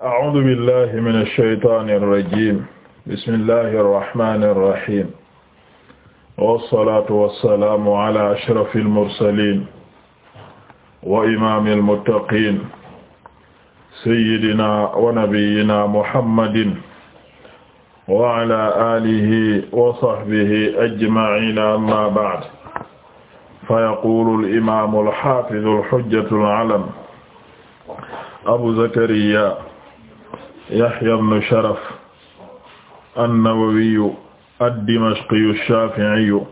a'uudu billahi mina shaytaani rajiim bismillahi rahmaani rahiim wassalaatu wassalaamu ala ashrafil mursaliin wa imaamil muttaqiin sayyidinaa wa nabiyyinaa muhammadin wa ala aalihi wa sahbihi ajma'iin amma ba'd fayaquulul imaamul haafiz al hujjatul alam abu zakariyaa Yahya ibn Sharaf an-Nawawiyu ad-Dimashqiyu ash-Shafi'iyu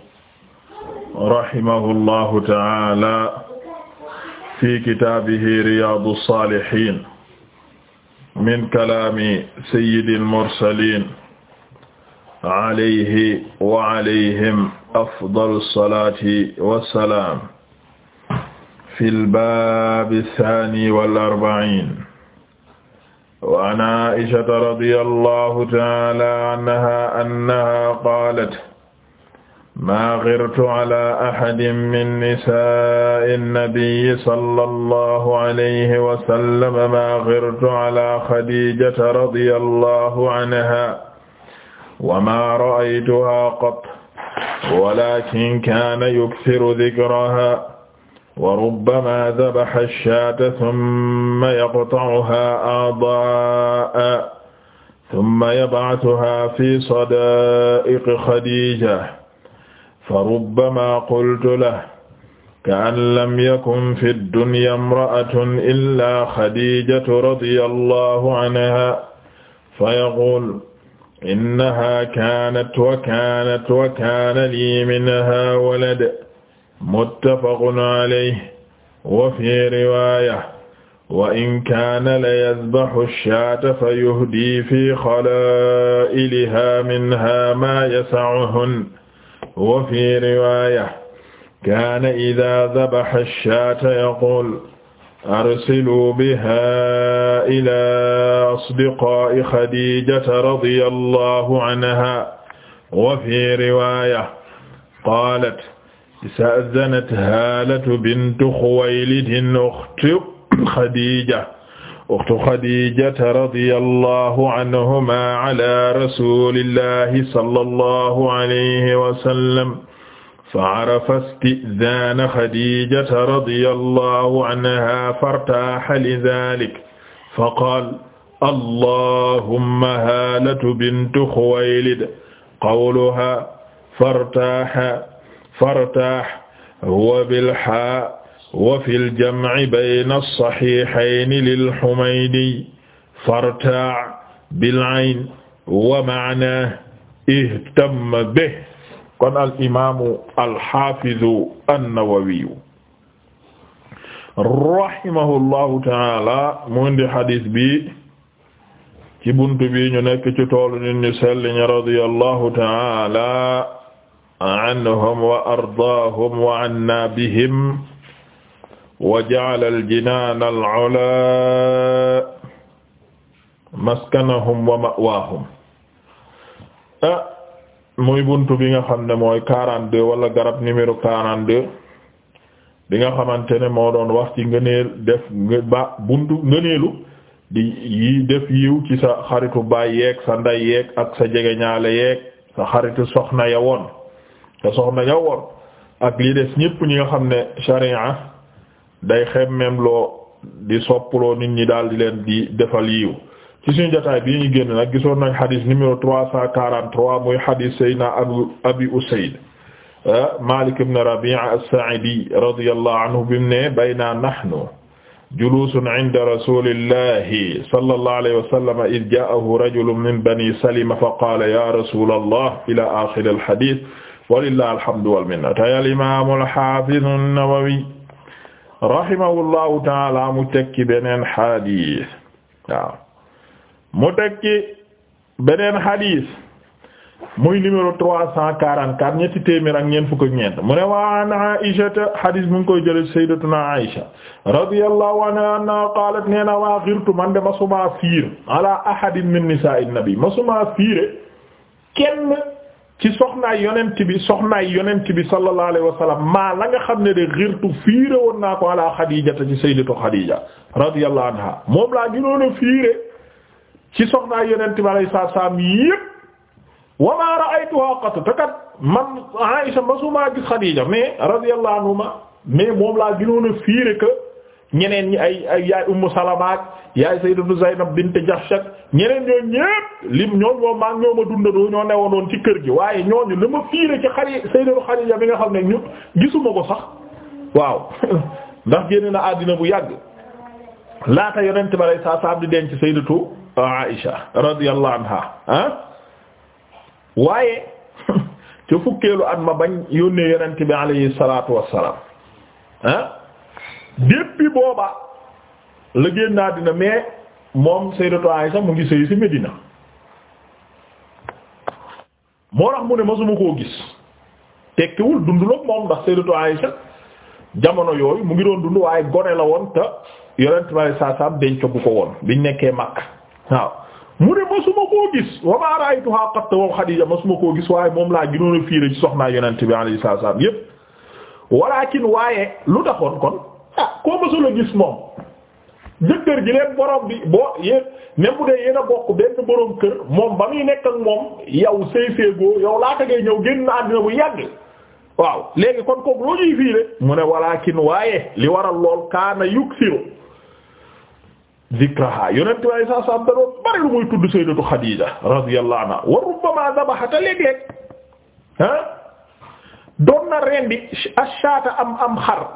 rahimahullahu ta'ala fi kitaabihi Riyaadu as-Saalihiin min kalaami sayyidil mursaliin alayhi wa alayhim afdalu as-salaati was-salaam fil baabi ath-thaani wal-arba'iin وعن عائشة رضي الله تعالى عنها أنها قالت ما غرت على أحد من نساء النبي صلى الله عليه وسلم ما غرت على خديجة رضي الله عنها وما رأيتها قط ولكن كان يكثر ذكرها wa rubbama dabaxa ash-shaata thumma yaqta'uhaa a'daa'an thumma yab'athuhaa fi sadaa'iqi Khadiija fa rubbama qultu lahu ka'an lam yakun fi ad-dunyaa imra'atun illaa Khadiijatu radiyallaahu anhaa fa yaquulu innahaa kaanat wa kaanat wa kaana lii minhaa walad muttafaqun alayhi wa fi riwaya wa in kaana la yadbahu shaata fa yuhdii fi xalaa'ilihaa minhaa maa yasa'uhun wa fi riwaya kaana idaa dabaxa shaata yaquul arsiluu bihaa ilaa asdiqaa'i xadiijata radiyallaahu anhaa wa fi riwaya qaalat ista'dhanat Haalatu bintu Xuwaylid ukhtu Xadiija ukhtu Xadiijata radiyallahu anhumaa ala rasuulillahi sallallahu alayhi wa sallam fa'arafa istidhaana Xadiijata radiyallahu anhaa fartaaha lidhaalika faqaala allahumma Haalatu bintu Xuwaylid qawluhaa fartaaha fartah wa bilha wa fil jam'i bayna as-sahihayni lil Humaydi fartah bil ayn wa ma'na ihtamma bihi kon al imaamu al haafizu an-Nawawi rahimahullahu ta'ala mu indi hadis bi ci buntu bi ñu nekk ci toolu nit ñu sell ñi radiyallahu ta'ala anhum wa ardaahum wa anna bihim wa ja'ala al al-'ulaa maskanahum wa ma'waahum ah muy buntu bi nga xam ne mooy 42 wala garab numéro 42 bi nga xamante ne moo doon wax ci ngëneel def ba buntu ngëneelu di yi def yiw ci sa xaritu baay yeeg sa nday yeeg ak sa jegeñaale yeeg sa xaritu soxna ya woon te soxna yow war ak li des ñépp ñi nga xam ne sharia day xemmem loo di soppaloo nit ñi daal di leen di defal yiw ci suñu jotaay bii ñu génn nag gisoon nañ xadis numéro trois cent quarante-trois muy xadis sayyidina abu abi usayd ah, malik ibn rabi'a as-sa'idi radiyallahu anhu bimu ne bayna nahnu julusun inda rasulillahi sallallahu alayhi wa sallam id ja'ahu rajulun min bani salima fa qala ya rasul allah ila akhir al hadith walillahi alhamdu wal minna tey al imaam al haafiz an-Nawawi mu tekki beneen xadis mu tekki beneen xadis muy numéro trois cent quarante quatre ñetti téeméer ak ñeent fukk mu ne wa an Aisha xadis mu ngi koy jëlee sayyidatuna Aisha radiyallahu anha qaalat nee na man de masuma fiir ala ahadin min nisaa'i nabi masuma fiire kenn. ci soxnaay yonent bi soxnaa yonent bi sallallahu alayhi wa maa la nga xam ne de xirtu fiire woon naa ko ala xadijata ci sayyidatu xadija radiyallahu anha moom laa gënoon a fiire ci soxnaay yonent bi alayhi salaatu salaam yépp wa maa ra'aytuha qat te kat man Aisha masumaa gis xadija mais radiyallahu anhuma mais moom laa gënoon fiire que ñeneen ñi ay ay yaay ummu salama ak yaay sayyidatu zaynab bint jahsh ak ñeneen ñooñu ñépp lim ñoom moom maa ñoo ma dundadoo ñoo ci kër gi waaye ñooñu li ma fiire ci xari sayyidatu xadiija bi nga xam ne ñu gisuma ko sax waaw ndax génn na àddina bu yàgg laata yonent ba lay saa di denc sayyidatu aisha radiyallahu anha ah waaye ca fukkeelu at ma bañ yónnee yonent bi alayhi salaatu wassalaam ah depuis booba la génn àddina mais moom Sayyidatu Aisha mu ngi sëy ci Medina moo tax mu ne masuma koo gis tekkiwul dund la moom ndax Sayyidatu Aisha jamono yooyu mu ngi doon dund waaye gone la woon te yonent bale saasaam denco bu ko woon biñ nekkee Makka waaw mu ne masuma koo gis wa ma ra'aytuha qatt wa Xadiija masuma koo gis waaye moom laa gënoon a fiire ci soxnaa yonent bi alayhi salaam yépp walakin waaye lu taxoon kon ah koo mësul gis moom jëkkër ji leen borom bi boo yéen même dee yéen bokk benn borom kër moom ba muy nekk ak moom yow sëy séegoo yow laata ngay ñëw génn na àddina bu yàgg waaw léegi kon kooku loo ñuy fii de mu ne walaakin waaye li waral lool kaana yuksiru zikraha yonent waaye saa saa dadoon bari lu muy tudd sayyidatu Xadiija radiyallahu anha wa rubbama dabaxa te léeg-léeg ah, doon na rendi ashaata am am xar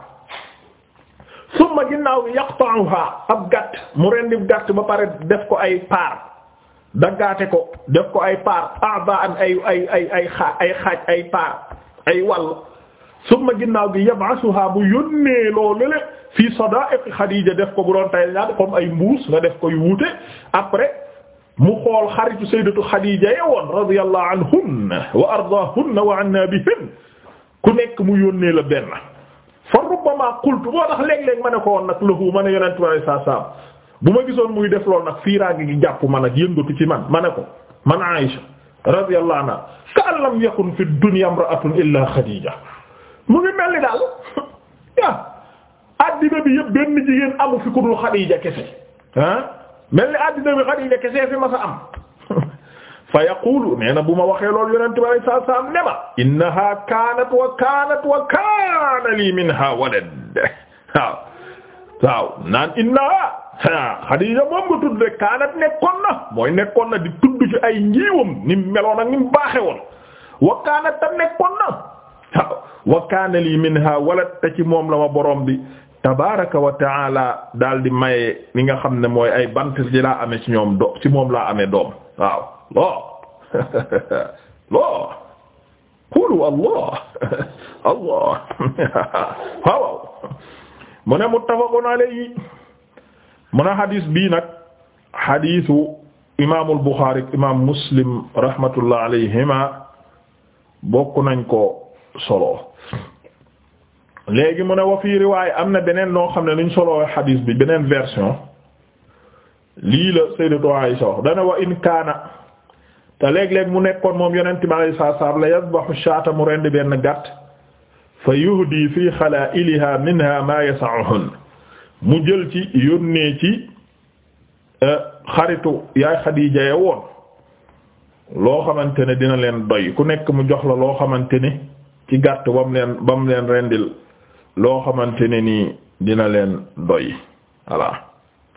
summa ginnaaw bi yaqta'uha ab gàtt mu rendi gàtt ba pare def ko ay paar daggaate ko def ko ay paar a'daan ay ay ay ay xaa ay xaaj ay paar ay wàll summa ginnaaw bi yab'asuha bu yónnee loolu le fii sada'iq Xadiija def ko bu doon tay ñaar comme ay mbuus nga def koy wuute après mu xool xaritu sayyidatu Xadiija yewoon radiyallahu anhunna wa ardaahunna wa anna bihin ku nekk mu yónnee la benn rubbama qultu boo tax léeg-léeg ma ne ko woon nag lahu ma ne yonent bi saa saam bu ma gisoon muy def lool nag fiiraange gi jàpp man ak yëngatu ci man ma ne ko man Aïsha radiyallahu anha ka'an lam yakun fi dunya imra'atun illa Khadija mu ngi mel ni daal ah bi yëpp benn jigéen amu fi ku dul kese ah mel ni addina bi Khadija kese fi ma sa am. fa yaqulu nee bu ma waxee loolu yonent bi alayhi salaatu ne ma innaha kaanat wa kaanat wa kaana lii minha walad waaw waaw naan innaha Xadiija moom nga tudd rek kaanat nekkoon na mooy nekkoon na di tudd ci ay njiiwam ni meloon ak ni wa kaanat tam nekkoon na wa kaana lii minha walad te ci moom la ma borom bi tabaaraka wa taala daal di maye li nga xam ne mooy ay bant ci laa amee ci ñoom do ci moom laa amee doom waaw. Allah Allah qulu Allah Allah waaw mu ne muttafaqun alayhi mu ne xadis bii nag xadisu imaamul Buxaari imaam Muslim rahmatullah alayhima bokk nañ ko solo léegi mu ne wa fii riwaaya am na beneen noo xam ne nuñ solo xadis bi beneen version lii la Sayyidatu Aisha wax dana wa in kaana te léeg-léeg mu nekkoon moom yonent bi alayhi salaatu salaam la yadbahu shaata mu rend benn gàtt fa yuhdi fi xalaa'iliha minha ma yasa'uhun mu jël ci yónnee ci e, xaritu yaay Xadiija ya woon loo xamante ne dina leen doy ku nekk mu jox la loo xamante ne ci gàtt ba mu leen ba mu leen rendil loo xamante ne nii dina leen doy voilà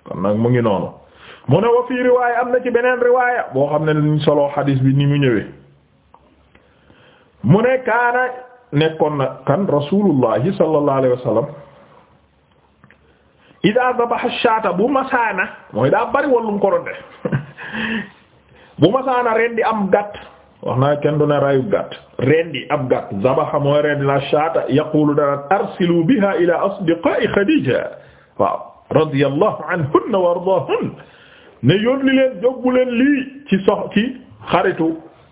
kon nag mu ngi noonu mu ne wa fii riwaaya am na ci beneen riwaaya boo xam ne niñ solo xadiis bi ni mu ñëwee mu ne kaana nekkoon na kan rasuulullahi sallallahu alayhi wa sallam idaa dabaxa shaata bu masaana mooy daa bari woon lu mu ko doon def bu masaana rendi am gàtt wax naa kenn du ne rayu gàtt rendi ab gàtt zabaxa mooy rendi na shaata yaqulu dana arsilu biha ila asdiqaa'i xadiija waaw radiyallahu anhunna wa ardaahunna ne yónni leen lii ci sox ci xaritu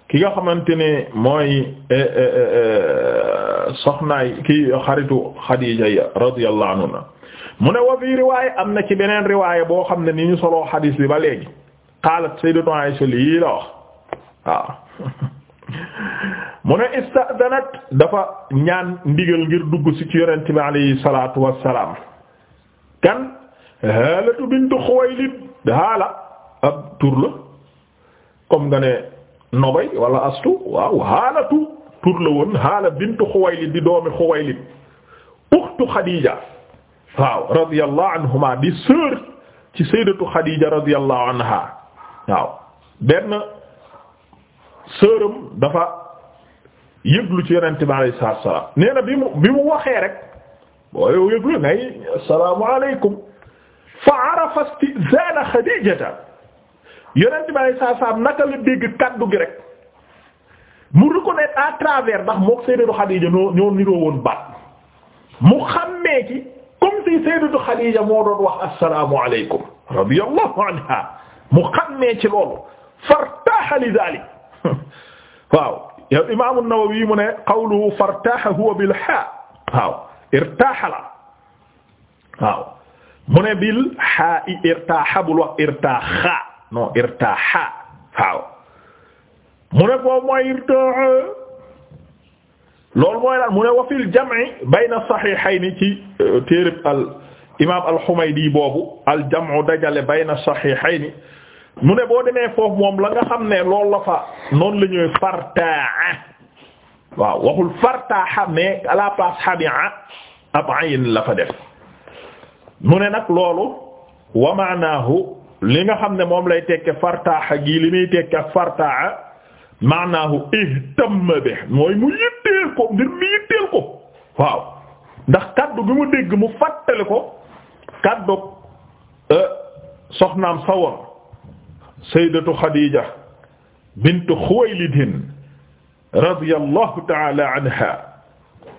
ki nga xamante ne mooy eh, eh, eh, soxnaay ki xaritu Xadiija ya radiyallahu anha mu ne wa fii am na ci beneen riwaaya boo xam ne ni ñu solo xadiis bi ba léegi qaalat sayyidatu Aysa lii la wax mu ne istadanat dafa ñaan ndigal ngir dugg ci ci yonent bi alayhi salaatu wassalaam kan Haalatu bintu Xuwaylid Haala ab tur la comme nga ne nobay wala astu waaw haalatu tur la woon haala bintu xuwaylid di doomi xuwaylid uxtu xadija waaw radiyallahu anhuma di sœur ci sayyidatu xadija radiyallahu anha waaw benn sœuram dafa yëglu ci yonent bi mu bi mu waxee rek boo yow yëglu ngay assalaamu alaykum fa arafa istizana xadijata yonent bi alayhi salaam naka la dégg kaddu gi rek mu reconnaître à travers ndax mook Sayyidatu Xadiija ñoo ñoo niroo woon baat mu xàmmee ci comme si Sayyidatu Xadiija moo doon wax assalaamu alaykum radiyallahu anha mu xàmmee ci loolu fartaha li daalik waaw yow Imaam an-Nawawi mu ne qawluhu fartaha huwa bil haa waaw irtaaha la waaw mu ne bil haa irtaaha bul wax irtaaha non irtaha mu ne foofu mooy irtaha loolu mooy lan mu ne wa fil jam'i bayna sahihayni ci euh, téereb al imaam al-Humaydi boobu al jam'u dajale bayna sahihayni mu ne boo demee foofu moom la nga xam ne loolu la fa noonu la ñuy fartaa waaw waxul fartaa mais à la place xabi'a ab ayin la fa def mu ne nag loolu wa ma'nahu li nga xam ne moom lay tekke fartaaxa gii li muy tekke ak fartaaxa maanaahu ihtamma bi mooy mu yitteel ko ngir mu yitteel ko waaw ndax kaddu bi mu dégg mu fàttali ko kaddu e, soxnaam sawoon sayyidatu Xadiija bint Xuwaylid radiyallahu ta'ala anha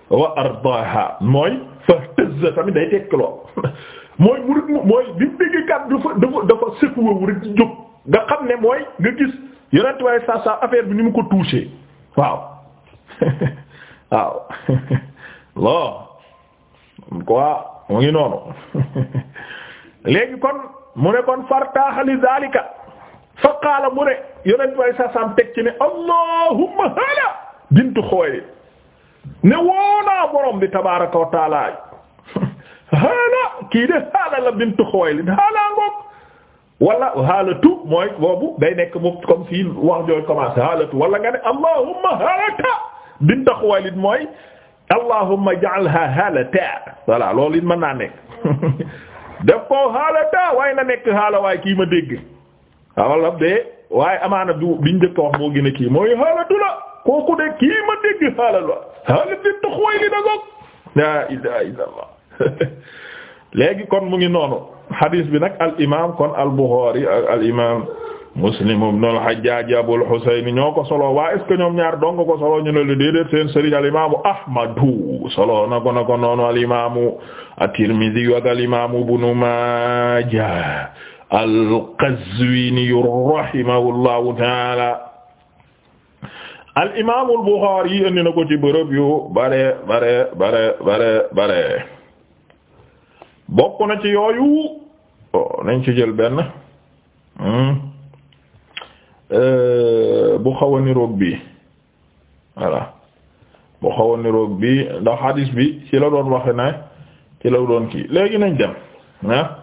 wa ardaaha mooy fahtazza tamit day tekk loo mooy murid mooy bi mu kat dafa dafa dafa sëkuwawu rek jóg nga xam ne mooy nga gis yonent waaye sa sa affaire bi ni mu ko touché waaw waaw loo quoi mu ngi noonu léegi kon mu ne kon fartaaxali zalika fa qaala mu ne yonent waaye sa sam teg ci ne allahumma hala bintu Xuwaylid ne woonaa borom bi tabaaraka wa taala haala kii de haala la bintu Xuwaylid haala ngoog wala haalatu mooy boobu day nekk moom comme si wax jooy commencé haalatu wala nga ne allahumma haalata bintu Xuwaylid mooy allahumma ja'alha haalata voilà loolu it mën naa nekk ko haalata waaye na nekk haala waaye kii ma dégg wala de waaye amaana bi wax moo gën a kii mooy haalatu la kooku de kii ma dégg haala la haala bintu Xuwaylid da ngoog la ilaha illallah léegi kon mu ngi noonu hadis bi nag al imaam kon al Bukhari Muslim ibn al Hajjaj Abul ñoo ko solo waa est-ce ñoom ñaar dong ko solo ñu ne lu déedéet seen sëriñ al imaamu Ahmadu solo na ko na ko noonu al imaamu at-Tirmidhi ak al imaamu Ibn Majah al-Qazwini rahimahullahu ta'ala al imaamul yu bare bare bare bokk na ci yooyu oh, nañ ci jël benn hmm. euh, bu xawa a niroog bi voilà bu xaw a niroog bi ndax hadis bi ci la doon waxe ne ci la doon kii léegi nañ dem ah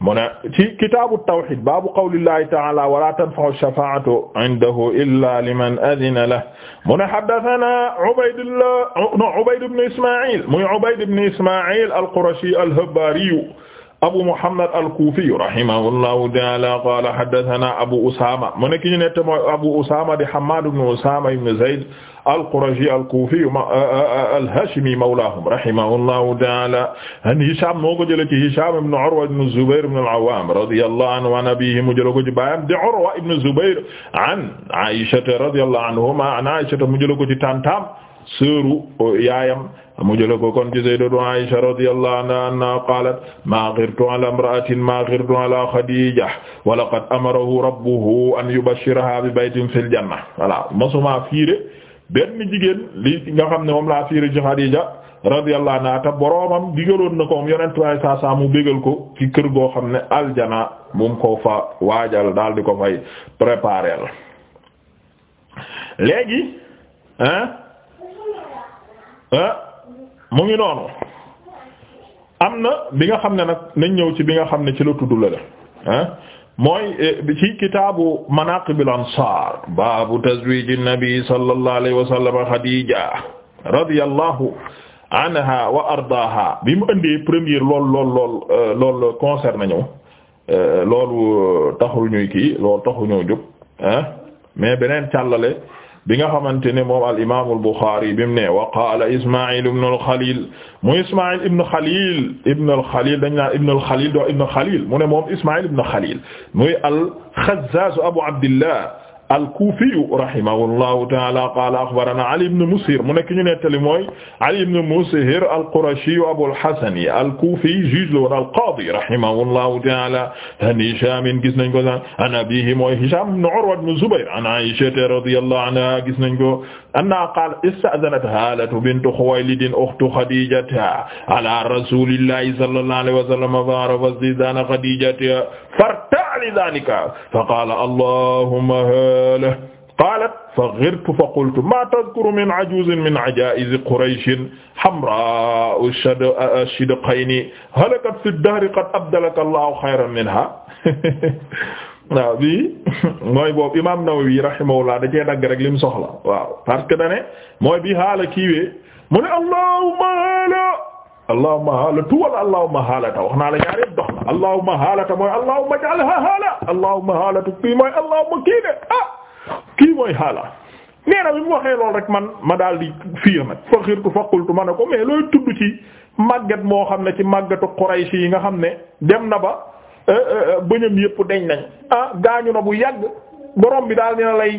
mu ne ci kitaabu tawxiid baabu qawlillahi ta'aala wala tanfa'u shafaa'atu indahu illaa liman adina lahu mu ne haddasanaa Ubaydullah no Ubayd ibn Ismaa'iil muy Ubayd ibn Ismaa'iil al-Qurashi al-Habbaari abu muhammad al-kufi rahimahullahu ta'ala qala haddathana abu usama mu nekk ñu nett mooy abu usama di hammad ibn usama ibn zayd al-qurashi al-kufi al-hashimi mawlahum rahimahullahu ta'ala an hisham moo ko jële ci hisham ibn urwa ibn zubair ibn al-awwam radiyallahu anhu an abihi mu jële ko ci baayam di urwa ibn zubair an aisha radiyallahu anhuma an aisha mu jële ko ci tantam seeru yaayam mu jële ko kon ci sayyidatu Aisha radiyallahu anha anna qalat ma ghirtu ala imra'atin ma ghirtu ala Khadija wa laqad amarahu rabbuhu an yubashshiraha bi baytin fil janna voilà masuma fiire benn jigéen li nga xam ne moom laa fiire ci Khadija radiyallahu anha te boroomam digaloon ne ko moom yonent waaye saa saa mu bégal ko ci kër xam ne aljana mu ko fa waajal daal di ko fay préparer léegi hein Ah, mu ngi noonu am na bi nga xam ne nag nañ ñëw ci bi nga xam ne ci la tudd la ah mooy eh, ci kitaabu manaaqibil ansaar baabu tazwiiji nabi sallallahu alayhi wa sallam Xadiija radiyallahu anha wa ardaaha bi mu indee première lool lool lool eh, lool concerne ñëw eh, loolu taxu ñuy kii loolu taxul ñoo jóg ah mais beneen càllale bi nga xamante ne moom al imaam al Buxaari bi mu ne wa qaala Ismaa'il ibn al Xaliil mu Ismaa'il ibn Xaliil ibn al Xaliil dañ naan ibn al Xaliil doo ibn Xaliil mu ne moom Ismaa'il ibn Xaliil muy al Xazzaaz Abu Abdillah al-Kufiyu rahimahullahu ta'ala qala akhbarana Ali ibn Mushir mu nekk ñu nettali mooy Ali ibn Mushir al-Qurashiyu Abul Hasan al-Kufi juge la woon al-Qadi rahimahullahu ta'ala an Hisham gis nañ ko an abihi mooy Hisham ibn Urwa ibn Zubayr an Aisha radiyallahu anha gis nañ ko anna qaal ista'zanat Haalatu bintu Xuwaylid uxtu Xadiijata ala rasuulillahi sallallahu alayhi wa sallam fa'arafat isti'zaana Xadiijata farta'a li zaalika fa qaala allahumma Haala qaalat faghirtu fa qultu maa tadhkuru min ajuuzin min ajaa'izi Qurayshin hamraa'u shidqayni halakat fi dahri qad abdalaka Allahu khayran minhaa waaw bi mooy boobu imaam Nawawi rahimahullah da cee dagg rek lim soxla waaw parce que da ne mooy bi xaala kiiwee mu ne allahumma haala allahumma haala tuwal allahumma ta wax naa la ñaar yëpp dox na allahumma haalata mooy allahumma ja'alha haala allahumma haalatu kii mooy allahumma kii de ah kii mooy haala nee bi mu waxee lool rek man ma daal di fiir nag fa xirtu fa qultu ma ne ko mais looy tudd ci màgget moo xam ne ci màggetu Quraysh yi nga xam ne dem na ba Euh, euh, euh, bëñam yëpp deñ nañ ah gaañu na bu yàgg borom bi daal dina lay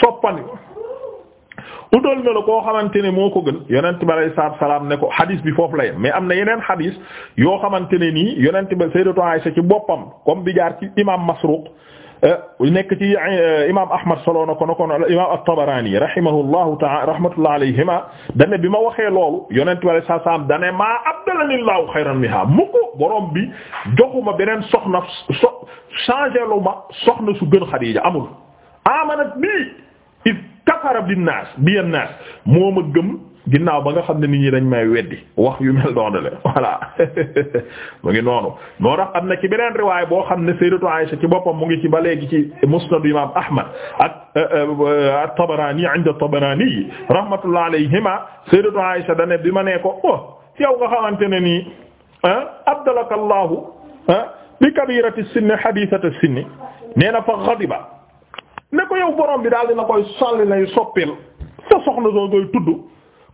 soppandi utal na la koo xamante ne moo ko gën yonent bi alayhi salaatu salaam ne ko hadis bi foofu la mais am na yeneen hadis yoo xamante ne nii yonent bi Sayyidatu Aisha ci boppam comme bi jaar ci imam Masruq Eh, nekk ci eh, imaam Ahmad solo na ko na ko imaam at-Tabarani rahimahullahu ta'ala rahmatullah alayhima dane bi ma waxee loolu yonent wala saa saam dane maa abdalanillahu xayran minha mu ko borom bi joxuma beneen soxna so changé lu ma soxna su gën Xadiija amul amanat bi it kafara bin naas bi an naas moo ma gëm ginnaaw ba nga xam ne nit ñi dañ may weddi wax yu mel noonu la voilà mu ngi noonu moo tax am na ci beneen riwaay boo xam ne sayyidatu Aisha ci boppam mu ngi ci ba léegi ci musnad imam Ahmad ak euh, euh, at-Tabarani inda at-Tabarani rahmatullah alayhima sayyidatu Aisha dane bi ma nee ko oh yow nga xamante ne nii abdalaka Allahu bi kabirati sinni hadithati sinni nee na fa ghadiba ne ko yow borom bi daal dina koy sàlli lay soppil sa soxna soo koy tudd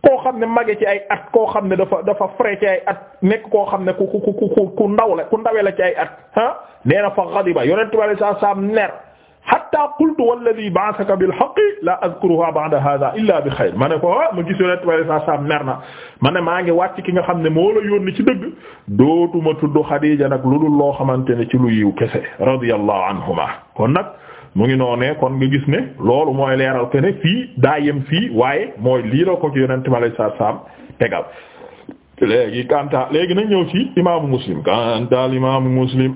koo xam ne mage ci ay at koo xam ne dafa dafa frais ci ay at nekk koo xam ne ku ku ku ku ndaw la ku ndawe la ci ay at ah nee na fa ghadiba yonent bi alayhi salaam ner hatta qultu walladhi ba'athaka bil haqqi la adhkuruha ba'da hadha illa bi xayr ma ne ko ah, ma gis yonent bi alayhi salaam ner na ma maa ngi wàcc ki nga xam ne moo la yónni ci dëgg dootuma tudd Xadiija nag lu dul loo xamante ne ci lu yiw kese radiyallahu anhuma kon nag mu ngi noonee kon nga gis ne loolu mooy leeral ke fii daa yem fii waaye mooy lii ko ci yonente mi saa saam tegal léegi kanta léegi nañ ñëw ci imaamu muslim kanta al imaamu muslim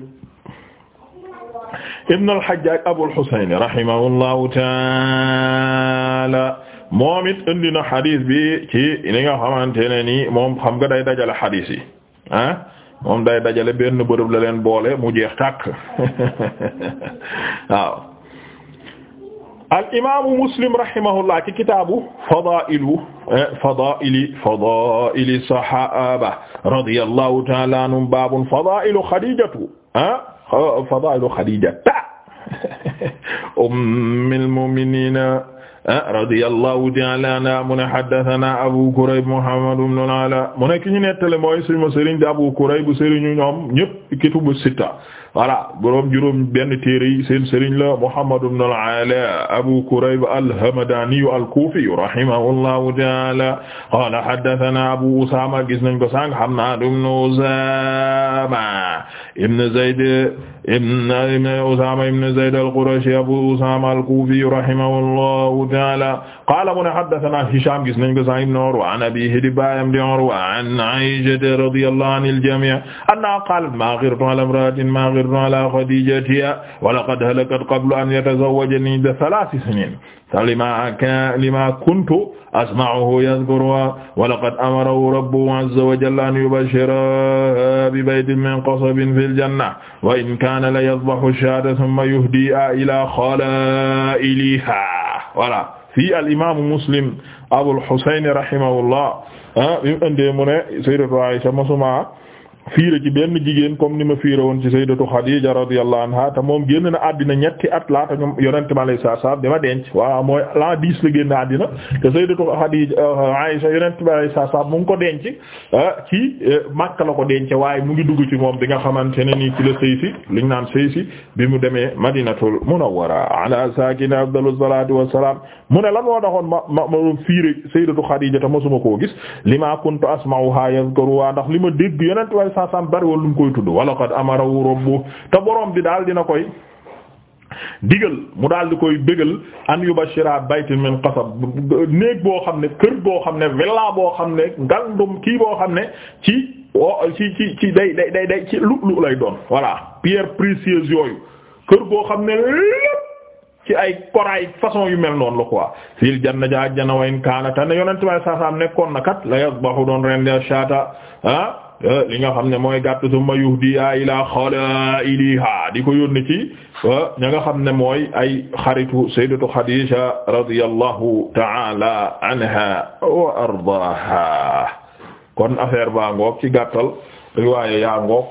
ibn al hajjaj abul husayn rahimahullahu taala moom it indi na xadis bi ci li nga xamante ne ni moom xam nga day dajale xadis yi ah moom day dajale benn bërëb boole mu jeex tàkk waaw al imaamu muslim rahimahullah ci kitaabu fadaa'ilu eh, fadaa'ili fadaa'ili saxaaba radiyallahu ta'aala anhum baabun fadaa'ilu xadiijatu ah fadaa'ilu xadiijata ummil mu'miniina ah, radiyallahu ta'aala anhaa mu ne haddasanaa Abu Kurayb Muhammad ibn al-Alaa mu ne ki ñu nettali mooy suñu sëriñ di Abu Kurayb bu sëriñu ñoom ñépp kutubu sitta voilà borom juróom benn téere yi seen sëriñ la Muhammad ibn al-Ala Abu Kurayb al-Hamadani al-Kufi rahimahullahu ta'ala qala haddathana Abu Usama gis nañ ko sànq Hammad ibn Usama ibn Zayd ibn Usaama ibn Zayd al-Qurashi Abu Usaama al-Kufi rahimahullahu ta'ala qaala mu ne haddathanaa Hishaam gis nañ ko sax ibn Urwa an abiihi di baayam di Urwa an Aysata radiyallahu anil jamii' annahaa qaalat maa ghirtu alaa imra'atin maa ghirtu alaa Khadiijata wa laqad halakat qabla an yatazawwaja ninda thalathi siniin lima kan lima kuntu asma'uhu yadhkuruha wa laqad amarahu rabbuhu azza wa jalla an yubashshiraha bi baytin min qasabin fil janna wa in kana la yadhbahu shata thumma yuhdiha ila khala'iliha voilà fii al imaamu muslim abul husayn rahimahullah ah, mu ne sayyidatu Aisha fiire ci benn jigéen comme ni ma fiire woon ci sayyidatu Xadiija radiyallahu anha te moom génn na àddina ñetti at laata ñoom yonente mi alayhi denc waaw mooy l'an dix la génn àddina te sayyidatu Xadiija euh, ko denc euh, ci euh, Makka waaye mu ngi dugg ci moom bi nga xamante ne nii ci la sëy si liñ naan sëy si mu demee Madinatul Munawwara ala saakini afdalu salaatu wassalaam mu ne lan moo taxoon ma ma ma fiire sayyidatu Xadiija te mosuma koo gis lima kuntu asma'uha yadhkuruha ndax li ma dégg yonente yeneen saa saam lu mu koy tudd wala qad amarahu rabbuhu te borom bi daal dina koy digal mu daal di koy bégal an yubashira baytin min qasab néeg boo xam ne kër boo xam ne villa boo xam ne ngandum kii boo xam ne ci ci ci ci day day ci lu lu lay doon voilà pierre précieuse yooyu kër boo xam ne lépp ci ay koraay façon yu mel noonu la quoi fil janna ja janna wayn kaana te ne yonent may saasaam nekkoon na kat la yasbahu doon rendi shaata ah Euh, li nga xam ne mooy gàtt summa yuhdiya ila xalaa'iliha di ko yónni ci euh, ña nga xam ne mooy ay xaritu sayyidatu Xadiija radiyallahu ta'ala anha wa ardaaha kon affaire baa ngoog ci gàttal riwaaya yaa ngoog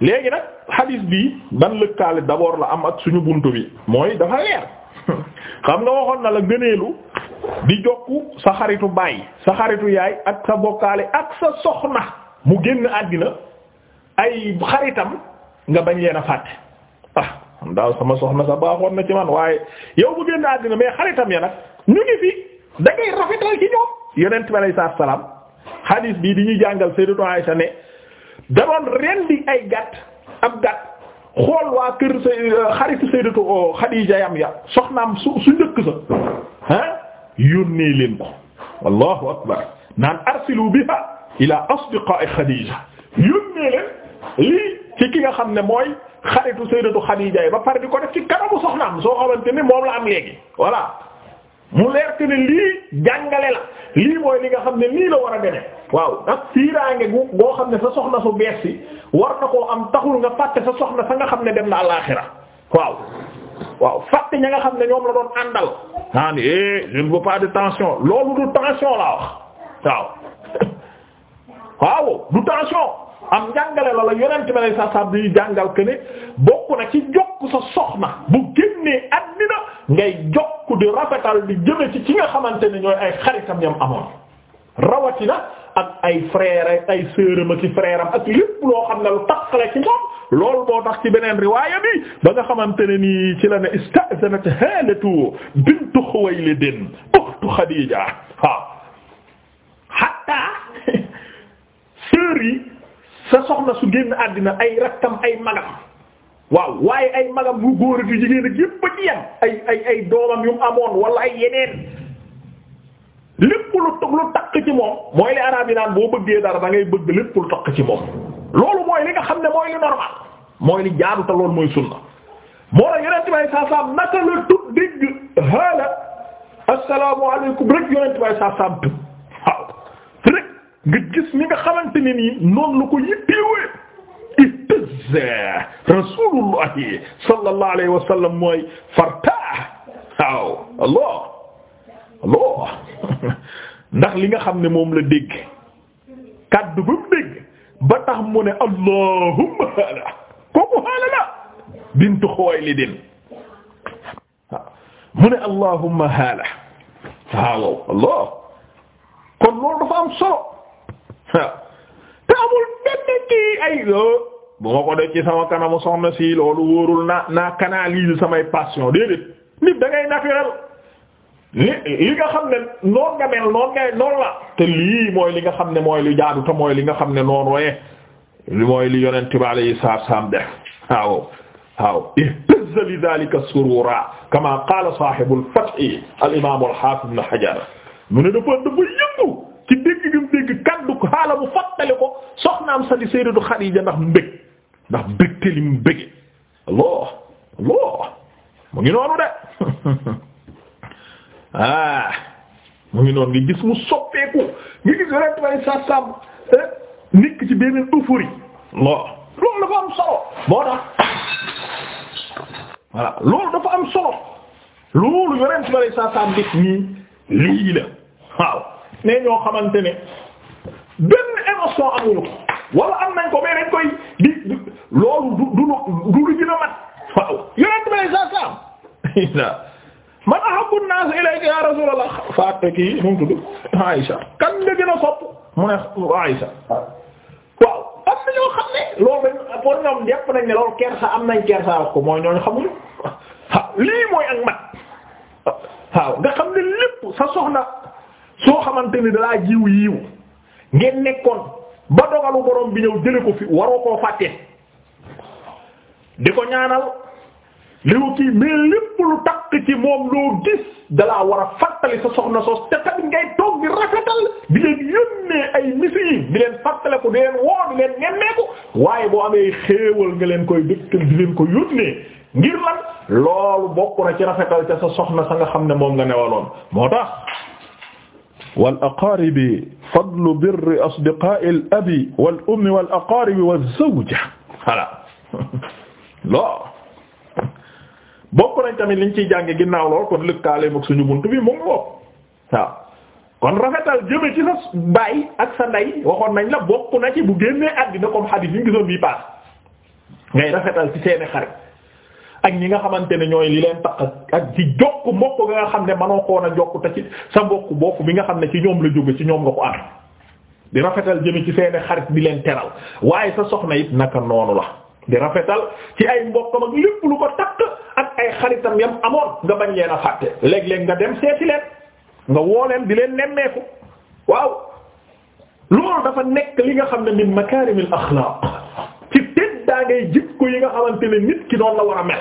léegi nag xadiis bi ban lëkkaale d'abord la am ak suñu bunt bi mooy dafa leer xam nga waxoon na la gëneelu di jokku sa xaritu baay sa xaritu yaay ak sa bokkaale ak sa soxna mu génn àddina ay xaritam nga bañ leen a fàtte ah daal sama soxna sa baaxoon na ci man waaye yow mu génn àddina mais xaritam ya nag ñu ngi fi da ngay rafetal ci ñoom yonent bi bii di jàngal Sayyidatu Aisha ne ay gàtt ab gàtt xool waa kër sa euh, xaritu Sayyidatu oh, ah, allahu akbar naan arsilu biha ila asdiqa'i Khadija yónnee leen lii ci ki nga xam ne mooy xaritu sayyidatu Khadija yi ba pare di ko def ci kanamu soxnaam soo xamante ni moom la am léegi voilà mu leer te ne lii jàngale la lii mooy li nga xam ne nii la war a demee waaw ak siiraange gu boo xam ne sa soxna su bees si war na koo am taxul nga fàtte sa soxna sa nga xam ne dem na àllaaxira waaw waaw fàtte ña nga xam ne ñoom la doon àndal naa ni eh je ne pas de tension loolu du tension waaw du tension am njàngale la la yonent ba lay bi jàngal que bokk na ci jokk sa soxna bu génnee àddina ngay jokk di rafetal di jëme ci ci nga xamante ne ñooy ay xaritam yam amoon rawatina ak ay frère ay sœuram ak frère am ak lépp loo xam ne lu takkale ci moom loolu boo tax ci beneen riwaaya bi ba nga xamante ne nii ci la ne ista'zanat Haalatu bintu Xuwaylid uxtu Xadiija waaw hatta sœurs yi sa soxna su génn àddina ay rakkam ay magam waaw waaye ay magam yu góor ak yu jigéen ak yu amoon wala ay yeneen lépp lu lu takk moom mooy li araab yi boo bëggee dara da ngay bëgg lépp lu takk ci moom loolu mooy li nga xam ne mooy li normal mooy li jaadu te loolu mooy sunna moo la yonent bi saa saam naka la digg haala assalaamu alaykum rek yonent bi saa saam tut nga gis ni nga xamante ne nii noonu la ko yitteewee ittaz rasulullahi sallallahu alayhi wa sallam mooy fartaa waaw Allah Allah ndax li nga xam ne moom la dégg kaddu ba mu dégg ba tax mu ne allahumma haala kooku haala la bintu Xuwaylidin mu ne allahumma haala waaw Allah kon loolu dafa am te amul benn kii oh. bu ma ko def sama kanamu soxna si loolu wóorul naa naa canaliser samay passion déedéet nit da ngay naturel li li nga xam ne noon nga te lii mooy li nga xam ne mooy lu jaadu te mooy li nga xam ne noonu waaye li mooy li yonent bi alayhi salaam def surura kama qala sahibul fath al imam al hafiz ibn hajar mu ne dafa dafa yëngu ci dégg haala mu fàttali ko soxnaam sa di sayyidatu Xadiija ndax mbég ndax mbég te li mu mbége mu ngi noonu de ah mu ngi noonu nga gis mu soppeeku nga gis rek lay sa sam nekk ci benn euphorie Allah loolu dafa am solo moo tax loolu dafa am solo loolu yonent bi sallallahu alayhi wasallam gis lii la waaw ne ñoo xamante ne benn émotion amuñu ko wala am nañ ko mais dañ koy di loolu du du du du gën a mat waaw yonent bi alayhi salaatu salaam man ahabbu an-naas ilayka ya rasulallah faate kii nu mu tudd Aïcha kan nga gën a sopp mu ne Aïcha waaw am na ñoo xam ne loolu dañ pour ñoom jàpp nañ ne loolu kersa am nañ kersa wax ko mooy ñooñu xamuñu lii mooy ak mat waaw nga xam ne lépp sa soxna soo xamante ni dalaa jiw yiiw ngeen nekkoon ba dogalu borom bi ñëw jële ko fi waroo koo fàtte di ko ñaanal li ko kii mais lépp lu takk ci moom loo gis dalaa war a fàttali sa soxna sos te tamit ngay toog di rafetal di leen yónnee ay misi di leen fàttale ko di leen woo di leen nemmeeku waaye boo amee xéewal nga leen koy dëkkal di leen ko yónnee ngir lan loolu bokk na ci rafetal te sa soxna sa nga xam ne moom nga newaloon moo tax wal aqaaribi fadlu birri asdiqaa'il abi wal ummi wal aqaaribi waz zawja voilà loo bokk nañ tamit liñ ciy jànge ginnaaw lool kon lëkkaale mag suñu buntu bi mu ngi bopp waaw kon rafetal ci sa baay ak sa ndey waxoon nañ la bokk na ci bu génnee àddina comme xadiis yi ñu gisoon bii paas ngay rafetal ci seeni xarit ak ñi nga xamante ne ñooy li leen tax ak ci jokk mbokk bi nga xam ne manoo koon a jokk te ci sa mbokk bokk bi nga xam ne ci ñoom la jóge ci ñoom nga ko am di rafetal jëme ci seeni xarit di leen teral waaye sa soxna it naka noonu la di rafetal ci ay mbokkam ak lépp lu ko takk ak ay xaritam yam amoon nga bañ leen a fàtte léeg leen nga dem seeti leen nga woo leen di leen nemmeeku waaw loolu dafa nekk li nga xam ne min makaarimil axlaaq teraangay jikko yi nga xamante ne nit ki doon la war a mel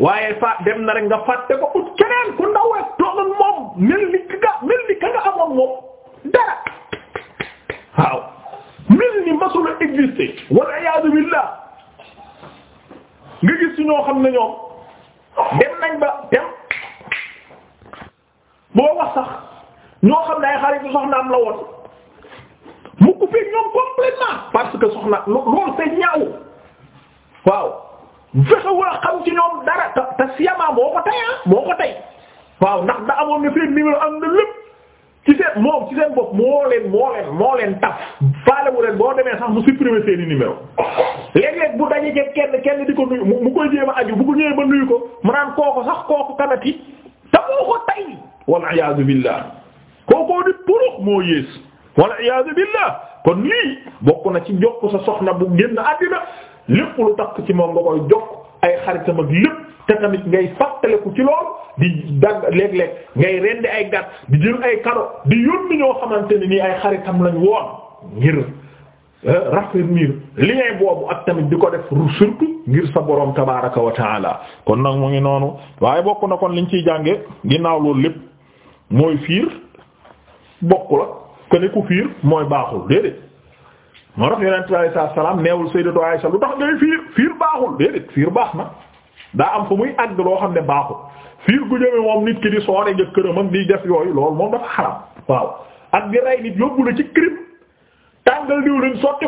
waaye fa dem na rek nga fàtte ko ut keneen ku ndaw rek toogal moom mel ni ka nga mel ni ka nga amoon moom dara waaw mel ni masula existé walla iyaadu billaah nga gis ci ñoo xam ne ñoom dem nañ ba dem boo wax sax ñoo xam ne ay xarit soxnaam la woon coupé ñoom complètement parce que soxna loolu c'est ñaaw waaw fexewul a xam ci ñoom dara te te siyamaa moo ko tey ah, moo ko tey waaw ndax da amoon na fii numéro am na lépp ci seen moom ci seen bopp moo leen moo leen moo leen taf faale wu leen boo demee sax mu supprimer seeni numéro léeg-léeg bu daje jeg kenn kenn di ko nuyu mu koy jéem aju bu ko ñëwee ba nuyu ko mu naan kooku sax kooku kanati te moo ko tey wal iyaazu billah kookoo di purux moo yées walla iyaazu billaah kon lii bokk na ci jokk sa soxna bu génn àddina lépp lu takk ci moom nga koy ay xaritam ak lépp te tamit ngay fàttaliku ci lool di dagg léeg-léeg ngay rendi ay gàtt di jël ay kado di yónni ñoo xamante ne nii ay xaritam lañu woon ngir eh, raffermir lien boobu ak tamit di ko def surtout ngir sa borom tabaaraka wa taala kon nag mu ngi noonu waaye bokk na kon liñ ciy jànge ginnaaw loolu lépp mooy fiir bokk la que ne ku fiir mooy baaxul déedéet moo tax yonent bi alayhi salaam neewul sayyidatu Aisha lu tax ngay fiir fiir baaxul déedéet fiir baax na daa am fu muy àgg loo xam ne baaxul fiir gu jëme moom ki di soore jëkkëram ak di def yooyu loolu moom dafa xaram waaw ak di rey nit yóbbu la ci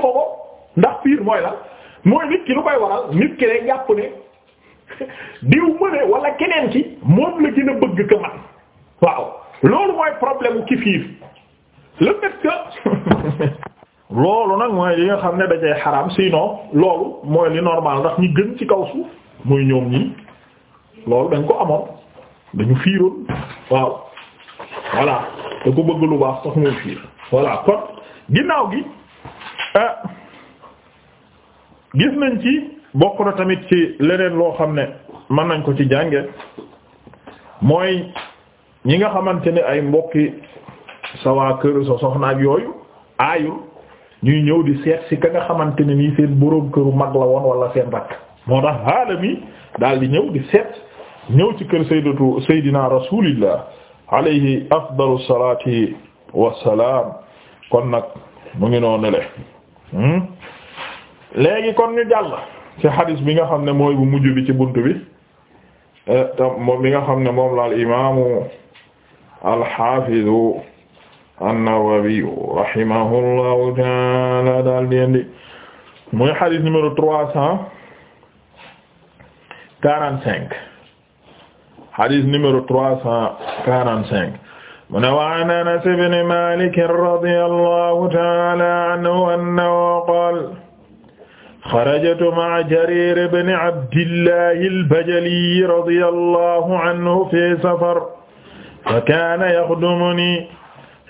ko ndax fiir mooy la mooy nit ki lu koy waral nit ki rek jàpp diw mëne wala keneen ki moom la gën a bëgg ka man waaw loolu mooy problème ki fiir loolu nag mooy li nga xam ne dajay xaram sinon loolu mooy li normal ndax ñi gën ci kaw suuf muy ñoom ñii loolu dañ ko amoon dañu fiiroon waaw voilà da ko bëgg lu baax sax muy fiir voilà kon ginnaaw gi euh, gis nañ ci bokk na tamit ci leneen loo xam ne mën nañ ko ci jànge mooy ñi nga xamante ni ay mbokki sa waa kër sa soxnaak yooyu aayul ñuy ñëw di seet si ka nga xamante ni nii seen boroom këru mag la woon wala seen rakk moo tax xaala mi daal di ñëw di seet ñëw ci kër sayyidatu sayyidina rasulillah alayhi afdalu salati wassalaam kon nag mu ngi noonu le hmm? léegi kon ñu jàll ci xadis bi nga xam ne mooy bu mujj bi ci bunt bi eh, tam moom bi nga xam ne moom la al imaamu al an-Nawawi rahimahullahu taala daal di indi muy hadith numéro trois cent quarante cinq hadith numéro trois cent quarante cinq mu ne wa an Anas ibn Malik radiyallahu taala anhu annahu qaala xarajtu ma'a Jarir ibn Abdillah al-Bajali radiyallahu anhu fi safar fa kaana yaxdumuni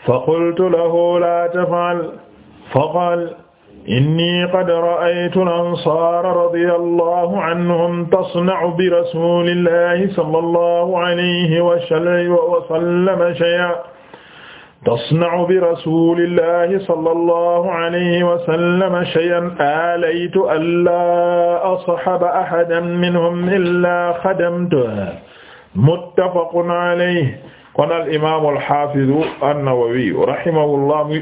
fa qultu lahu la taf'al fa qala inni qad ra'aytu al-ansaara radiyallahu anhum tasna'u bi rasulillahi sallallahu alayhi wa sallam shay'an tasna'u bi rasulillahi sallallahu alayhi wa sallam shay'an alaytu allaa asxaba ahadan minhum illaa xadamtuhu muttafaqun alayhi kon al imaam al haafiz an muy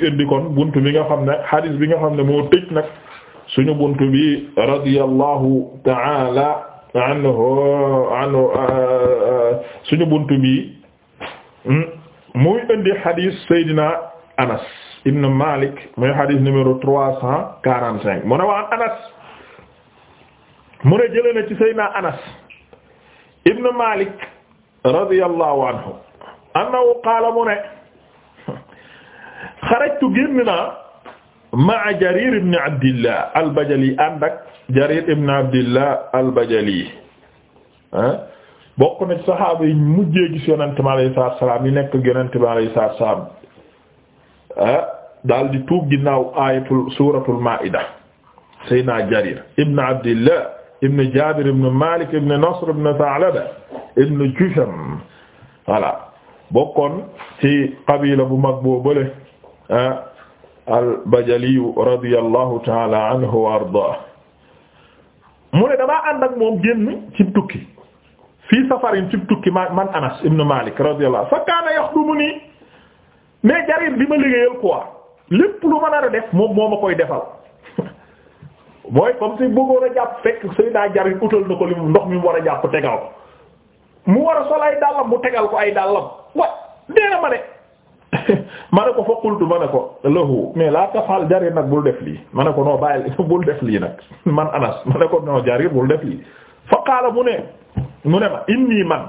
indi kon buntu bi nga xam ne hadith bi nga xam ne moo tëj nag suñu buntu bi radiyallahu ta'ala euh, suñu buntu bi hmm, muy indi hadith Seydina Anas ibn Malik muy hadith numéro trois cent mu ne waan Anas mu ne jëlee na ci Seydina Anas ibn Malik radiyallahu anhu annahu qaala mu ne xarajtu génn naa ma'a Jarir ibn Abdillah al-Bajali ànd ak Jarir ibn Abdillah al-Bajali ah bokk na ci saxaaba yi mujjee gis yonent bi alayhi salaatu salaam yi nekk yonent bi alayhi salaatu salaam ah daal di tuub ginnaaw aayatul suuratul Maa'ida Seydina Jarir ibn Abdillah ibn Jaabir ibn Maalik ibn Nasr ibn Tha'laba ibn Jusham voilà. bokkoon ci qabila bu mag boo bële albajaliyu radiyallahu taala anhu wa ardaa mu ne damaa ànd ak moom génn ci tukki fii safarin ci tukki man Anas ibn Malik radiyallahu fa kaana yaxdumuni mais jarir bi ma liggéeyal quoi lépp lu ma nar def moom moo ma koy defal mooy comme si bëggoon a jàpp fekk suy daa jarir utal na ko li ndox mi mu war a jàpp tegal mu war a sol ay dàllam mu tegal ko ay dàllam wa dee na ma de ma ne ko fa qultu ma ne ko lahu mais la tafal jarir nag bul def lii ma ne ko noo bàyyi bul def lii nag man anas ma ne ko noo jarir bul def lii fa qaala mu ne mu ne ma inni man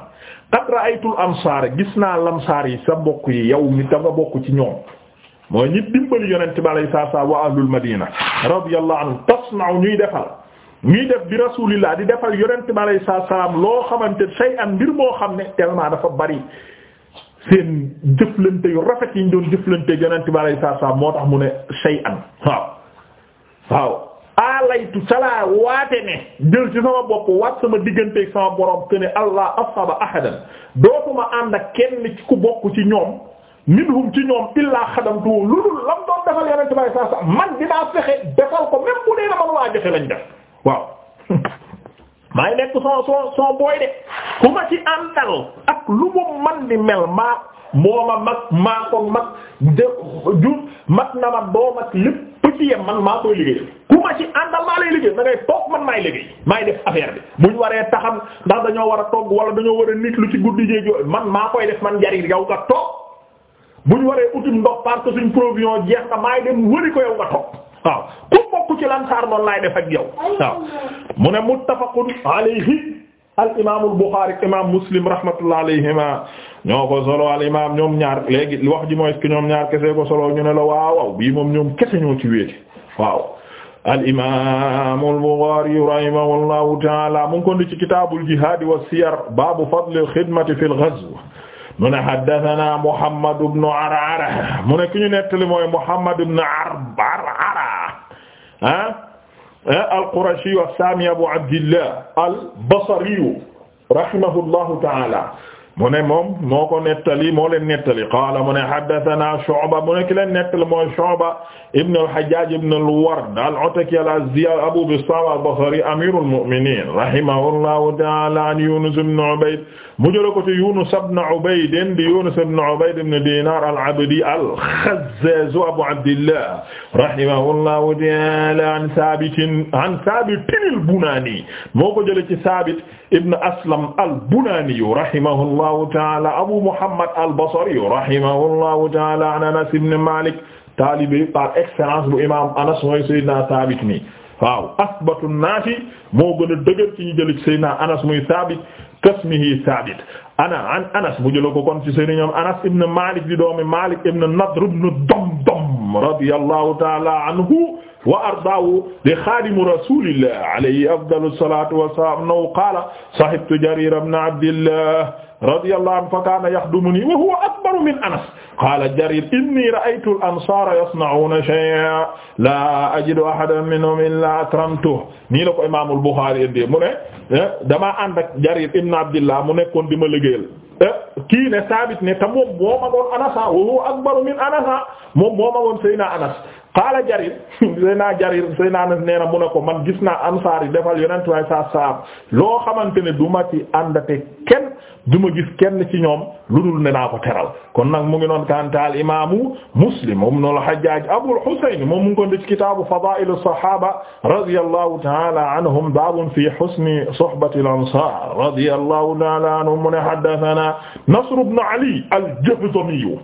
qad ra'aytu al gis naa lamsaar yi sa bokk yi yow mi da nga bokk ci ñoom mooy ñi dimbali yonent bi alayhi salaatu wa ahlul madina radiyallahu anhu tasna'u ñuy defal ñuy def bi rasulillah di defal yonent bi alayhi loo xamante say am mbir moo xam ne tellement dafa bari seen jëflante yu rafet yi ñu doon jëflante yonent bi alayhi moo tax mu ne say am waaw waaw alaytu salaa waate ne jël ci sama bopp waat sama digganteeg sama borom que ne allah asaba ahadan dootuma ànd kenn ku bokk ci ñoom minhum ci ñoom illaa xadamtu lu dul lam doon defal yonent bi alayhi salaam man dinaa fexe defal ko même bu dee na waaw maa ngi nekk son son booy de ku ma ci àndal ak lu mu man di mel maa mooma mag maa ko mag de jur mag na ma doom ak lépp ci yem man maa koy liggéey ku ma ci àndal maa lay liggéey da ngay toog man maay liggéey maay def affaire bi buñ waree taxam ndax dañoo war a togg wala dañoo war a nit lu ci guddi jéegó man maa koy def man jariñ yow nga toog buñ waree utum ndox parce que suñ provision jeex na maay dem wëri ko yow nga toog waaw. képp ci lansaar noonu laay def ak yow waaw mu ne muttafaqun alayhi al imaam al Buxaari imaam Muslim rahmatullah alayhima ñoo ko solo al imaam ñoom ñaar léegi wax ji mooy ki ñoom ñaar kese ko solo ñu ne la waaw waaw bii moom ñoom kese ñoo ci wéete waaw al imaam al Buxaari rahimahullahu ta'ala mu ngi ko ci kitaabul jihaad wa siyar baabu fadli al xidmati fil ghazw mu ne haddasanaa Muhammad ibn Ar'ara mu ne ki ñu nettali mooy Muhammad ibn Ar'ara Ah, ah al-Qurashi wa Sami Abu Abdillah al-Basri rahimahullahu ta'ala mu ne moom moo ko nettali moo leen nettali qaala mu ne haddathana Shu'ba mu ne ki leen nettali mooy Shu'ba ibn al-Hajjaj ibn al-Ward al-Ataki al-Azdi Abu Bistam al-Basri amirul mu'minin rahimahullahu ta'ala an Yunus ibn Ubayd mu jël ko ci Yunus ibn Ubayd di Yunus ibn Ubayd ibn Dinar al-Abdi al-Khazzaz Abu Abdillah rahimahullahu ta'ala an Thabit an Thabit al-Bunani moo ko jël ci Thabit ibn aslam al-Bunaniyu rahimahullahu taala abu muhammad al-Basriyu rahimahullahu taala an anas ibn malik taalibe par excellence bu imam anas mooy sayyidina Saabit mi waaw asbatu naasi moo gën a dëgër ci ñu jël ci sayyidina anas muy Saabit kasmihi Saabit ana an anas mu jël ko kon ci sëriñam anas ibn malik di doomi malik ibn Nadr ibn Damdam anhum radiyallahu ta'ala anhu wa ardaahu di xaadimu rasulillah alayhi afdalu salatu wasalaam annahu qaala sahibtu jarir ibn abdillah radiyallahu anhu fa kaana yaxdumuni wa huwa akbaru min anas qaala jarir inni ra'aytu al-ansaara yasna'uuna shay'an laa ajidu ahadan minhum illaa akramtuhu nii la ko imaamul Buxaari indi mu ne eh, damaa ànd ak jarir ibn abdillah mu nekkoon di ma liggéeyal Eh, kii ne Saabit ne te moom moo magoon Anasa wa huwa akbaru min Anasa moom moo magoon Seyna Anas qaala Jarir Seyna Jarir Seyna Anas nee na mu ne ko man gis naa ansaar yi defal yonent way sa saab loo xamante ne du ma ci te kenn du ma gis kenn ci ñoom lu dul ne naa ko teral kon nag mu ngi noon kantaal imaamu muslim ibn al-Hajjaj Abul Husayn moom mu ngi ko def kitaabu fadaa'il as-sahaaba radiyallahu ta'ala anhum baabun fi husni suhbati al-ansaar radiyallahu ta'ala anhum mu ne haddathana Nasr ibn Ali al-Jahdami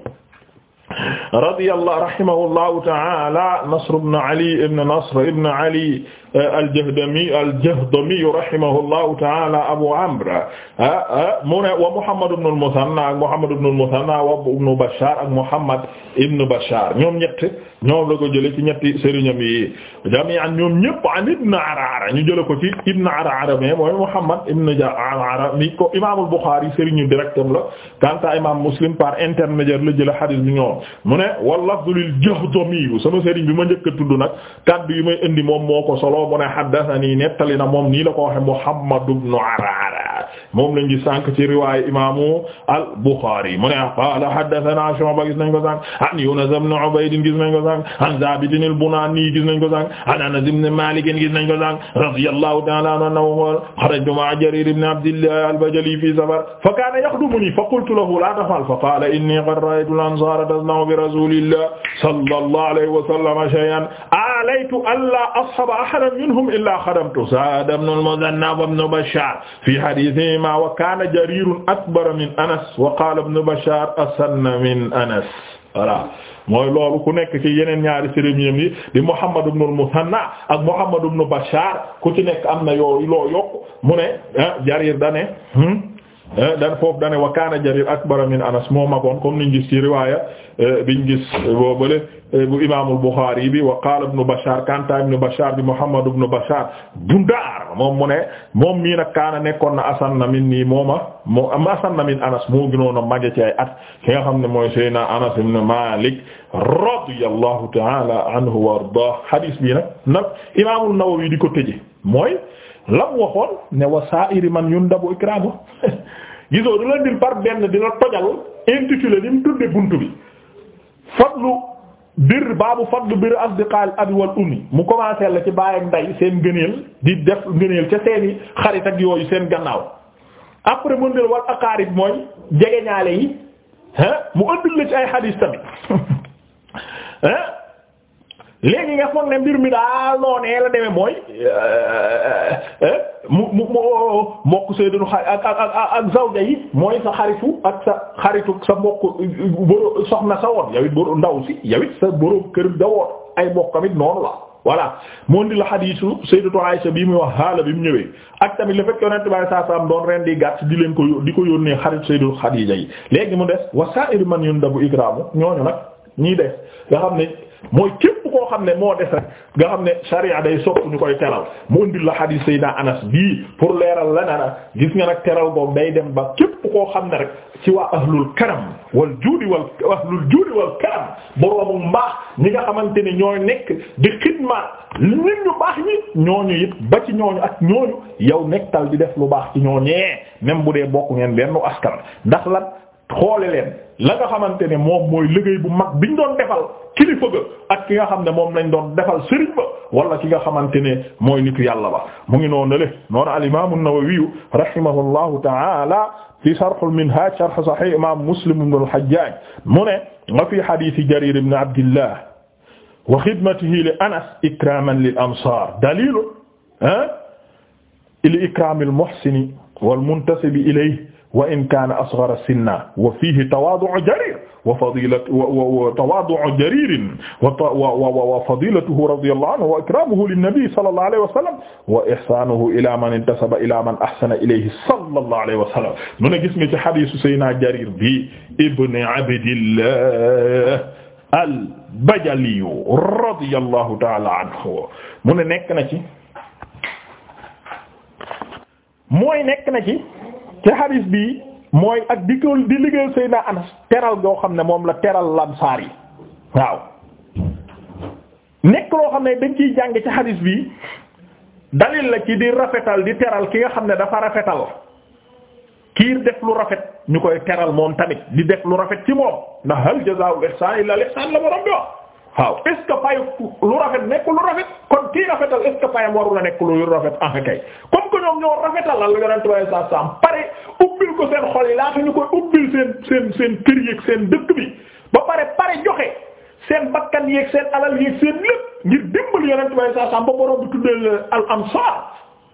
radiyallahu rahimahullahu ta'ala Nasr ibn Ali ibn Nasr ibn Ali Euh, al-Jahdami al-Jahdami rahimahullahu ta'ala Abu Amr ah, ah, mu ne wa Muhammad ibn al-Muthanna ak Muhammad ibn al-Muthanna wa ibn Bashar ak Muhammad ñoom ñett ñoom la ko jëlee ci ñetti sëriñam yi jami'an ñëpp an ñu jëlee ko ci ibn Ar'ara mais mooy Muhammad ibn Ar'ara mi ko Imam al-Bukhari la kanta Imam Muslim par bi mu ne wa lafzu lil-Jahdami sama sëriñ bi ma njëkk a tudd nag kaddu yi may indi moom moo ko solo mu ne haddathani nettali na moom nii la ko waxe Muhammad ibn Arara moom lañ gi sànq ci riwaaya imaamu al-Bukhari mu ne qaala haddathanaa Shu'ba gis nañ ko sànq an Yunus ibn Ubayd gis nañ ko sànq an Thaabit al-Bunaani gis nañ ko sànq an Anas ibn Maalik gis nañ ko sànq radiyallahu ta'ala anhu kharajtu ma'a Jariir ibn Abdillah al-Bajali fi safar fa kaana yakhdumuni fa qultu lahu laa taf'al fa qaala innii qad ra'aytu al-ansaara tazna'u bi rasuulillah sallallahu alayhi wa sallam shay'an alaytu allaa ashaba ahadan minhum illaa khadamtuhu zaada ibn al-Muthanna wa ibn Bashaar fi hadiithihim anhuma wa kaana jarirun akbar min anas wa qaala ibn bashar asanna min anas voilà mooy loolu ku nekk ci yeneen ñaari sëriñ yi di Muhammad ibn al-Muthanna ak Muhammad ibn Bashar ku ci nekk am na yoo loo yokk mu ne ah, Jarir dane hmm? eh, dan foofu dane wa kaana Jarir akbar min Anas moo magoon comme niñ gis ci riwaaya Euh, biñ gis euh, boobale euh, bu imaamul Buxaari bi wa qaala ibnu Bashaar kanta ibnu Bashaar bi Muhammad ibnu Bashaar Bundaar moom mu ne moom mii nag kaana nekkoon na asan na min nii mooma moom asan na min Anas moo gënoon a màgg ci ay at ki nga xam ne mooy Seydina Anas ibn Maalik radiyallahu ta'ala anhu wa ardaah hadis bi nag nag imaamul Nawawi di ko tëje mooy lam waxoon ne wa man yundabu ikraamu gisoo du la dil par benn di la tojal intitulé ni mu tudde buntu bi fadlu bir baabu fadlu bir asdiqal abi wal ummi mu commencé la ci baay ak seen ngëneel di def ngëneel ca seeni xarit ak yooyu seen gannaaw après mu ndel wal aqarib mooy jegeñaale yi ah mu ëndil la ay hadith tamit ah léegi nga foog ne mbir mi daal noonee la demee mooy euh, euh, euh, mu mu mu mbokk seydinu xar ak ak ak zawja yi mooy sa xaritu ak sa xaritu sa mbokk boro soxna sa woon yawit boro ndaw si yawit sa boroom kër da woon ay mbokkamit noonu la voilà moo di la xadiisu sayyidatu Aisha bi muy wax xaala bi mu ñëwee ak tamit le fait yonent bi sallallahu alayhi wasallam doon ren di gàtt di leen ko di ko yónnee xarit sayyidatu Xadiija yi léegi mu des wa sa'ir man yundabu ikramu ñooñu nag ñii def nga xam ne mooy képp koo xam ne moo defe nga xam ne sariya day sopp ñu koy teral mu indi la hadith Seydina Anas bii pour leeral la nana gis nga nag teral boobu day dem ba képp koo xam ne rek ci waa ahlul karam wal juudi wal ahlul juudi wal karam boroomu mbaax ñi nga xamante ne ñooy nekk di xidma nit ñu baax ñi ñooñu it ba ci ñooñu ak ñooñu yow nekkal di def lu baax ci ñooñee même bu dee bokk ngeen benn askan ndax lan xoole leen la nga xamante ne moom mooy liggéey bu mag biñ doon defal kilifa ak ki nga xam ne moom lañ doon defal sëriñ ba wala ki nga xamante ne mooy yàlla ba mu ngi noonu le noonu al imam an-Nawawi rahimahullahu ta'ala fi sharh al-Minhaj sharh sahih imam Muslim ibn al-Hajjaj mu ne ma fi hadith Jarir ibn Abdillah wa khidmatihi li Anas ikraman lil ansar dalil ah, li ikram al-muhsin wal muntasib ilayhi wa in kaana asghara sinna wa fiihi tawaadu'u jarir wa fadilatu wa tawaadu'u jaririn wa fadilatuhu radiyallahu anhu wa ikramuhu linnabi sallallahu alayhi wa sallam wa ihsanuhu ila man intasaba ila man ahsana ilayhi sallallahu alayhi wa sallam mu ne gis nga ci hadiisu Seydina Jarir bi ibn Abdillah al-Bajali radiyallahu ta'ala anhu mu ne nekk na ci mooy nekk na ci ci hadis bi mooy ak di ko di liggéeyal Seydina Anas teral goo xam ne moom la teral lansaar yi waaw nekk loo xam ne dañ ciy jàng ci hadis bi dalil la ci di rafetal di teral ki nga xam ne dafa rafetal kii def lu rafet ñu koy teral moom tamit di def lu rafet ci moom ndax hal yi ihsaan illal ihsaan la borom bi waaw est-ce lu rafet nekkul lu rafet kon kii rafetal est-ce que fayam warul a nekk lu rafet ah kay comme que ñoom ñoo rafetal la ko seen xol yi laata ñu koy ubbil seen seen seen kër yeeg seen dëkk bi ba pare pare joxe seen bakkan yeeg seen alal yeeg seen lépp ngir dimbali yonent way sa sam ba borom bi tuddee al ansar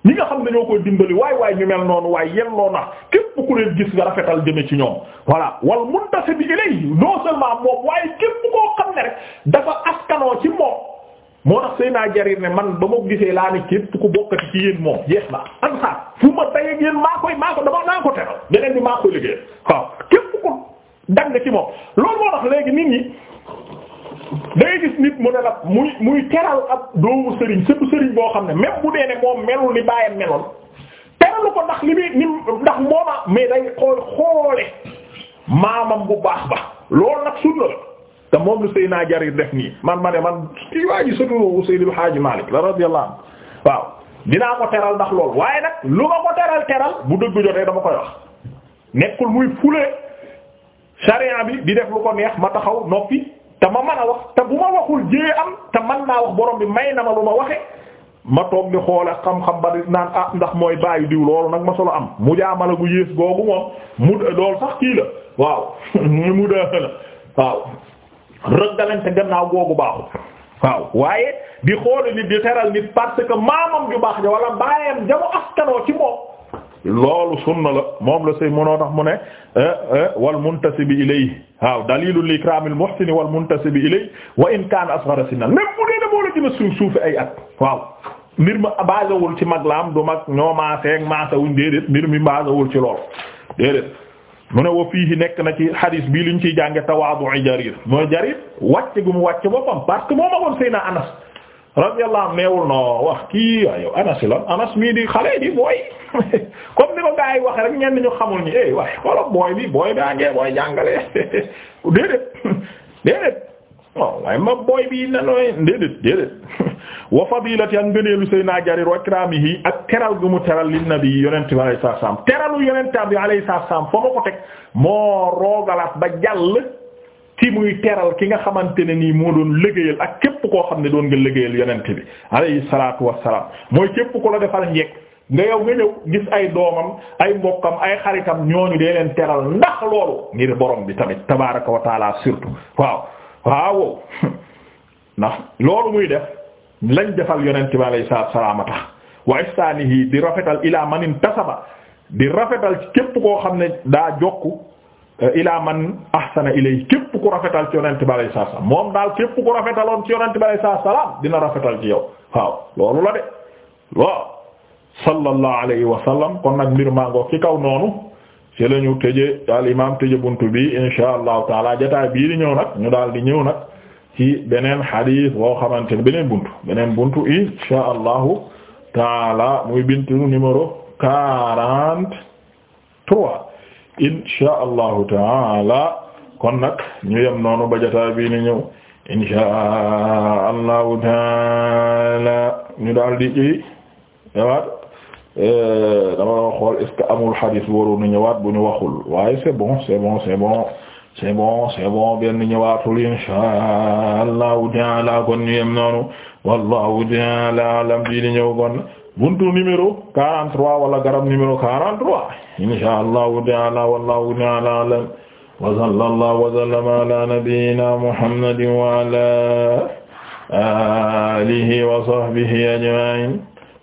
ñi nga xam dañoo ñoo koy dimbali waaye waaye ñu mel noonu waaye yelloo na képp ku leen gis nga rafetal jëme ci ñoom voilà wal muntasib ilayhi non seulement moom waaye képp koo xam ne rek dafa askanoo ci moom moo tax naa Jarir ne man ba ma gisee laa ne képp ku bokkati ci yéen moom jeex na am xaar fu ma daye yéen maa koy maa ko dama naa ko teral beneen bi maa koy liggéey waaw képp ku dang ci moo léegi nit ñi day gis nit mu ne la muy muy teral ab doomu sëriñ surtout sëriñ boo xam ne même bu dee ne moom melul ni bàyyam meloon teralu ko ndax li muy ni ndax mooma mais day xool xoole maamam bu baax ba loolu nag sunna la te moom lu Seydina Jarir def nii man ma ne man kii waa ji surtout Seydil Hadji Malick la radiyallahu anhu waaw dinaa ko teral ndax loolu waaye nag lu ma ko teral teral bu dëgg jotee dama koy wax nekkul muy fule sharia bi di def lu ko neex ma taxaw noppi te ma mën a wax te bu ma waxul jée am te man naa wax borom bi may na ma lu ma waxe ma toog di xoole xam-xam ba di naan ah ndax mooy bàyyi diw loolu nag ma solo am mu jaamala gu yées googu moom mu loolu rëggalante gannaaw googu baaxul waaw waaye di xool nit di teral nit parce que maamam ju baax ja wala baayam jamu askanoo ci moom loolu sunna la moom la sëy mënoo tax mu ne eh, eh, wal muntasibi ilay waaw dalilu likramil muhsini wal wa in kana asghara sinna mu nee na moo suuf ay at waaw mbir ma ci mag la am du mag ñoo maaseeg maasawuñ déedéet mbir mi basawul ci lool déedéet mu ne wa fiihi nekk na ci hadis bii liñ ciy jànge tawaadu jarir mooy jarir wàcce gu mu wàcce boppam parce que moo magoon sëy na anas radiyallahu anhu neewul no wax kii waayow anas anas mii di xale di booy comme ni ko gaa yi waxe rek ñenn ñu xamul ñi eh waaye xolo booy bi booy daa ngee booy jàngale déedéet déedéet waaw waaye ma booy bi na nooy déedéet déedéet wa fadilati ak ngëneelu Seydina Jarir wa ikraamihi ak teral gu mu teral li nabi yonent bi alayhi salaam teralu yonent bi alayhi salaam fa ma ko teg moo roogalaat ba jàll ci muy teral ki nga xamante ne nii moo doon liggéeyal ak képp koo xam ne doon nga liggéeyal yonent bi alayhi salaatu wassalaam mooy képp ko la defal njekk nga yow nga ñëw gis ay doomam ay mbokkam ay xaritam ñooñu dee leen teral ndax loolu ngir borom bi tamit tabaaraka wa taala surtout waaw waaw ndax loolu muy def lañ defal yonent bi alayhi salaatu salaam tax wa ihsaanihi di rafetal ilaa man intasaba di rafetal ci képp koo xam ne daa jokku eh, ilaa man ahsana ilay képp ku rafetal ci yonent bi alayhi salaatu salaam moom daal képp ku rafetaloon ci yonent bi alayhi salaatu salaam dina rafetal ci yow waaw loolu la de waaw sallallahu alayhi wa kon nag mbiru maa ngoog ci kaw noonu. ci la ñu tëje al imam tëje buntu bi insha allahu taala jotaay bii di ñëw nag ñu daal di ñëw nag ci beneen xadiis boo xamante ne beneen buntu beneen buntu insha allahu taala muy bintu numéro quarante-trois insha allahu taala kon nag ñu yem noonu ba jotaay bii di ñëw insha allahu taala ñu daal di ci waat Euh, dama xool est-ce que amul xadis waru nu ñëwaat bu ñu waxul waaye c'est bon c'est bon c'est bon c'est bon c'est bon benn ñëwaatul inshaa Allahu ta'ala kon ñu yem noonu wallahu ta'ala alam bii di ñëw kon buntu numéro 43 wala garab numéro 43 inshaa Allahu ta'ala wallahu ta'ala alam wa sallallahu wa sallama ala nabiyyina Muhammadin wa ala alihi wa sahbihi ajma'in